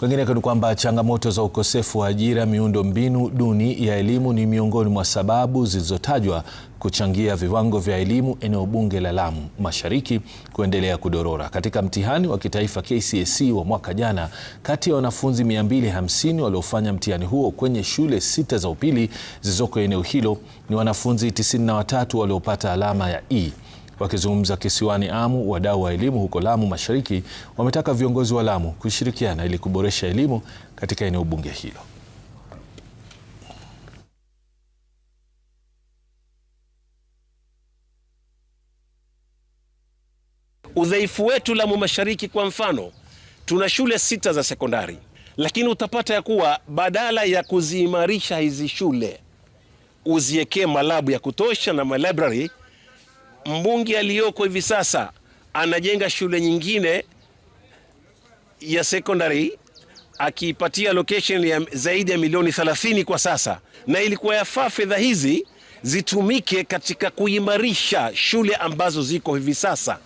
Kwingineko ni kwamba changamoto za ukosefu wa ajira, miundo mbinu duni ya elimu ni miongoni mwa sababu zilizotajwa kuchangia viwango vya elimu eneo bunge la Lamu Mashariki kuendelea kudorora. Katika mtihani wa kitaifa KCSE wa mwaka jana, kati ya wanafunzi 250 waliofanya mtihani huo kwenye shule sita za upili zilizoko eneo hilo, ni wanafunzi 93 waliopata alama ya E. Wakizungumza kisiwani Amu, wadau wa elimu huko Lamu Mashariki wametaka viongozi wa Lamu kushirikiana ili kuboresha elimu katika eneo bunge hilo. Udhaifu wetu Lamu Mashariki, kwa mfano, tuna shule sita za sekondari, lakini utapata ya kuwa badala ya kuziimarisha hizi shule uziekee malabu ya kutosha na malibrary Mbunge aliyoko hivi sasa anajenga shule nyingine ya secondary akiipatia location ya zaidi ya milioni 30 kwa sasa, na ilikuwa yafaa fedha hizi zitumike katika kuimarisha shule ambazo ziko hivi sasa,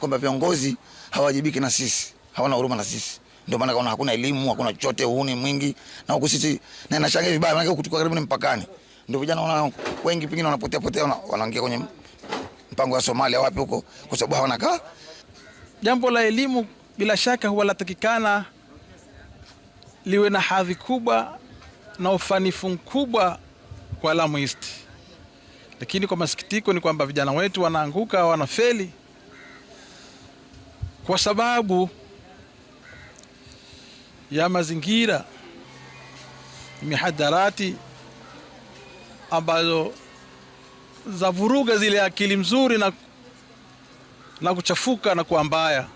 kwamba viongozi hawajibiki na sisi, hawana huruma na sisi. Ndio maana kaona hakuna elimu, hakuna chochote, uhuni mwingi na huku sisi, na inashangaa vibaya, maana huku tuko karibu ni mpakani, ndio vijana wengi pengine wanapotea potea, wanaingia kwenye mpango wa Somalia wapi huko, kwa sababu hawana kaa. Jambo la elimu bila shaka huwa latakikana liwe na hadhi kubwa na ufanifu mkubwa kwa East, lakini kwa masikitiko ni kwamba vijana wetu wanaanguka, wanafeli kwa sababu ya mazingira, mihadarati ambazo za vuruga zile akili mzuri na, na kuchafuka na kuwa mbaya.